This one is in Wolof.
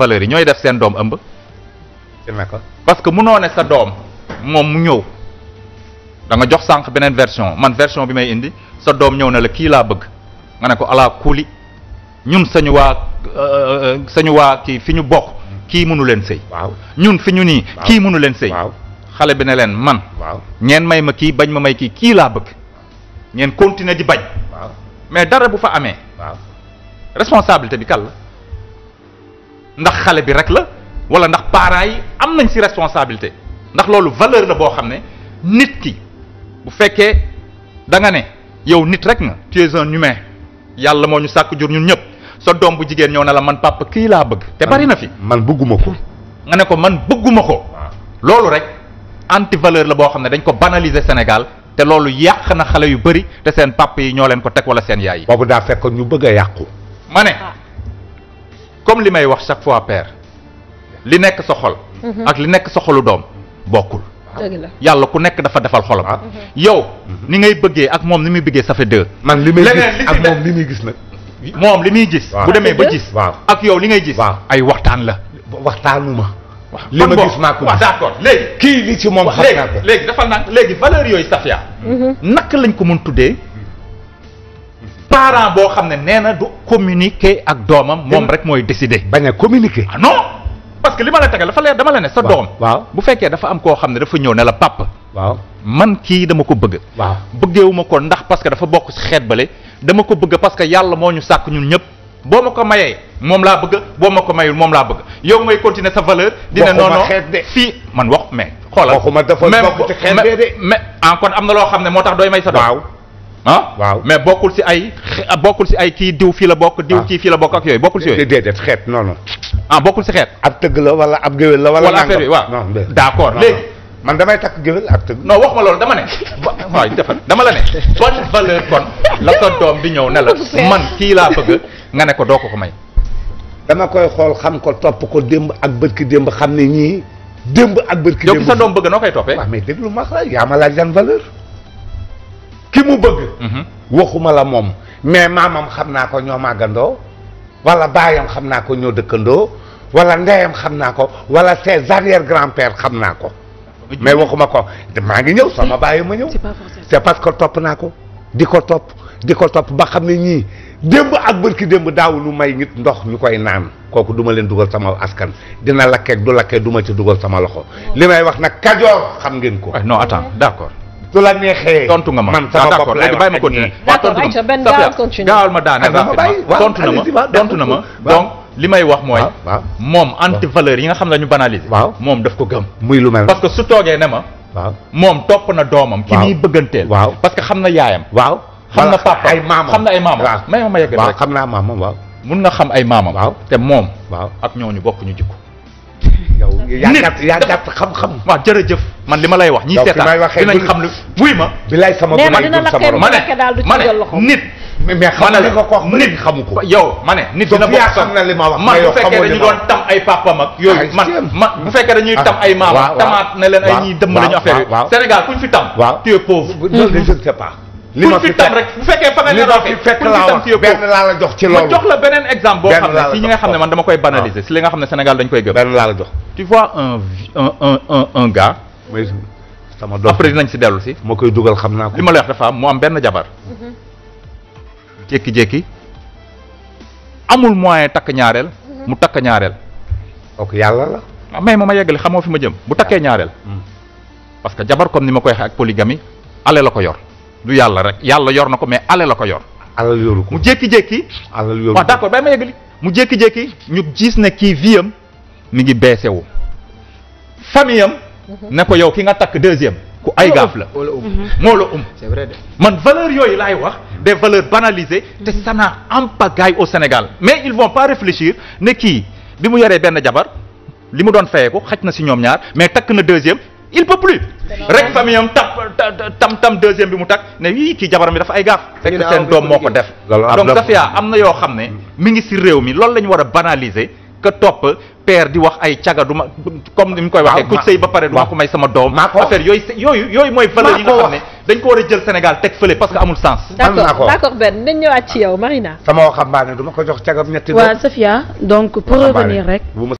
valeurs yi ñooy def seen doom ëmb. parce que munoo ne sa doom moom mu ñëw danga jox sànq beneen version man version bi may indi sa doom ñëw na la kii laa bëgg nga ne ko ala kuuli ñun sañu waa euh, euh, euh, sañu waa kii fi ñu bokk kii mënu leen sëy waaw ñun fi ñu nii kii mënu leen sëy xale bi ne leen man ñeen may ma kii bañ ma may kii kii laa bëgg ñeen continuer di bañ mais dara bu fa amee responsabilité bi kal ndax xale bi rek la wala ndax parents yi am nañ si responsabilité ndax loolu valeur la boo xam ne nit ki bu fekkee da nga ne yow nit rek nga tu es un humain yàlla moo ñu sàkk jur ñun ñëpp sa doom bu jigéen ñëw na la man papa kii laa bëgg. te bari na fi man bëgguma ko. nga ne ko man bëgguma ko. Ah. loolu rek anti valeur la boo xam ne dañ ko banaliser Sénégal te loolu yàq na xale yu bari te seen papa yi ñoo leen ko teg wala seen yaay yi. boobu daa fekk ñu bëgg a yàqu. comme li may wax chaque fois père li nekk sa xol. Mhm. ak li nekk sa xolu doom bokkul. yàlla ku nekk dafa defal xolam. Ah. yow mhm. ni ngay bëggee ak moom ni muy bëggee ça fait man li may gis ak moom li muy gis nag. moom li muy gis. bu demee ba gis. ak yow li ngay gis. ay waxtaan la. waxtaanuma. li ma gis maa ko gis d'accord léegi. kii li ci moom xam naa ko léegi léegi dafa naan léegi valeur yooyu Safia. Mhm. nak lañ ko mën tuddee. parent boo xam ne nee na du communiquer ak doomam moom rek mooy décidé bañ a communiquer ah non parce que li ma la tegal dafa leer dama la ne sa doom waaw bu fekkee dafa am koo xam ne dafa ñëw ne la papa waaw man kii dama ko bëgg waaw bëggeewu ma ko ndax parce que dafa bokk ci xeet bale dama ko bëgg parce que yàlla moo ñu sàkk ñun ñëpp boo ma ko mayee moom laa bëgg boo ma ko mayul moom laa bëgg yow ngay continuer sa valeur dina non non fii man wax mais xoolal waxuma dafa bokk ci xeet de mais encore ah, am na loo xam ne moo tax dooy may sa doom ah waaw mais bokkul si ay ah, bokkul si ay kii diw fii la bokk diw ah. kii fii la bokk ak yooyu bokkul si yooyu déedéet xeet non non ah, bokkul si xeet ak tëgg la wala ab géwél la wala affaire bi waaw d'accord léegi man damay takk géwél ak tëgg non wax ma loolu dama ne waaw dama la ne bonne valeur kon la sa doom di ñëw ne la man kii laa bëgg nga ne ko doo ko ko may dama koy xool xam ko topp ko démb ak bërki démb xam ne ñii démb ak bërki démb yow sa doom bëgg noo koy toppee waaw mais déglu ma yaa ma laaj dan valeur ki mu bëgg. Mhm. waxuma la moom mais maamam xam naa ko ñoo màggandoo wala baayam xam naa ko ñoo dëkkandoo wala ndeyam xam naa ko wala ses arrière grand-père xam naa ko. mais waxuma ko maa ngi ñëw sama bàyyi ma ñëw. c'est parce que topp naa ko di ko topp di ko topp ba xam ne ñii démb ak bërki démb daaw lu may nit ndox ñu koy naan kooku duma leen dugal sama askan dina lakkeek du lakkee duma ci dugal sama loxo oh. li may wax nag kajoor xam ngeen ko. Ah, non attends d'accord. su la nga ma man sama ah, bopp lay wax ak ñii d'accord ma daane ah, tontu na ma tontu li may wax mooy. moom anti valeur yi nga xam ne ñu banaliser. waaw moom daf ko gëm. muy lu mel parce que su toogee ne ma. waaw moom topp na doomam. ki muy bëgganteel. waaw parce que xam na yaayam. waaw xam na papa ay xam na ay maamam. waaw may ma ma yegg rek xam naa maamam waaw. mun na xam ay maamam. waaw te moom. waaw ak ñooñu bokk ñu jikko. yow yaa gàtt yaa gàtt xam-xam. waaw jërëjëf man li ma lay wax ñi seetaan dinañ xam lu wuy ma bilaay sama ma ne ma ne nit mais xam nga ko ko nit xamu yow ma nit dina bokk na li ma wax man bu fekkee dañu doon tam ay papam ak yooyu ah, man ma bu fekkee dañuy tam ah, ay maama tamaat ne leen ay ñuy dëmm lañu affaire yi Sénégal kuñ fi tam tu es pauvre je li ma fi tam rek bu fekkee fa nga ne roofee fekk laa la jox ci loolu ma jox la beneen exemple boo xam ne si ñi nga xam ne man dama koy banaliser si li nga xam ne Sénégal dañ koy gëm benn laa la jox tu vois mooy sama doom après dinañ si dellu si. moo koy dugal xam naa ko. li ma la wax dafa am mu am benn jabar. Mhm. jékki-jékki amul moyen takk ñaareel. Mhm. mu takk ñaareel. ok yàlla la. Ah, may ma ma yeggali xamoo fi ma jëm. bu takkee ah. ñaareel. Mm. parce que jabar comme ni ma koy waxee ak polygamie ale la ko yor du yàlla rek yàlla yor na ko mais ale la ko yor. alal yoru mu jékki-jékki. alal yoru ko waaw d'accord ma yeggali mu jékki-jékki ñu gis ne kii vie am mi ngi baissé wu Mm-hmm. ne ko yow ki nga takk deuxième ku ay gaaf um, la um. mm-hmm. moo la um c'est vrai man valeurs yooyu laay wax de valeurs banaliser te mm-hmm. ça n'a en pagaille au Sénégal mais il vont pas réfléchir ne kii bi mu yoree benn jabar li mu doon fayee ko xaj na si ñoom ñaar mais takk na deuxième il peut plus rek famille am tam tam tam deuxième bi mu takk ne yii kii jabaram bi dafa ay gaaf fekk seen doom moo ko def donc daf am na yoo xam ne mi ngi si réew mi loolu la ñu war a banaliser ka topp père di wax ay caga du comme ni mu koy waxee ku sëy ba pare du ko may sama doom affaire yooyu yooyu yooyu mooy valeur yi nga xam ne dañ ko war a jël Sénégal teg fële parce que amul sens d'accord d'accord Ben dañ ñëwaat ci yow Marina sama waxambaane du ko jox cagam ñetti waaw Safia donc pour revenir rek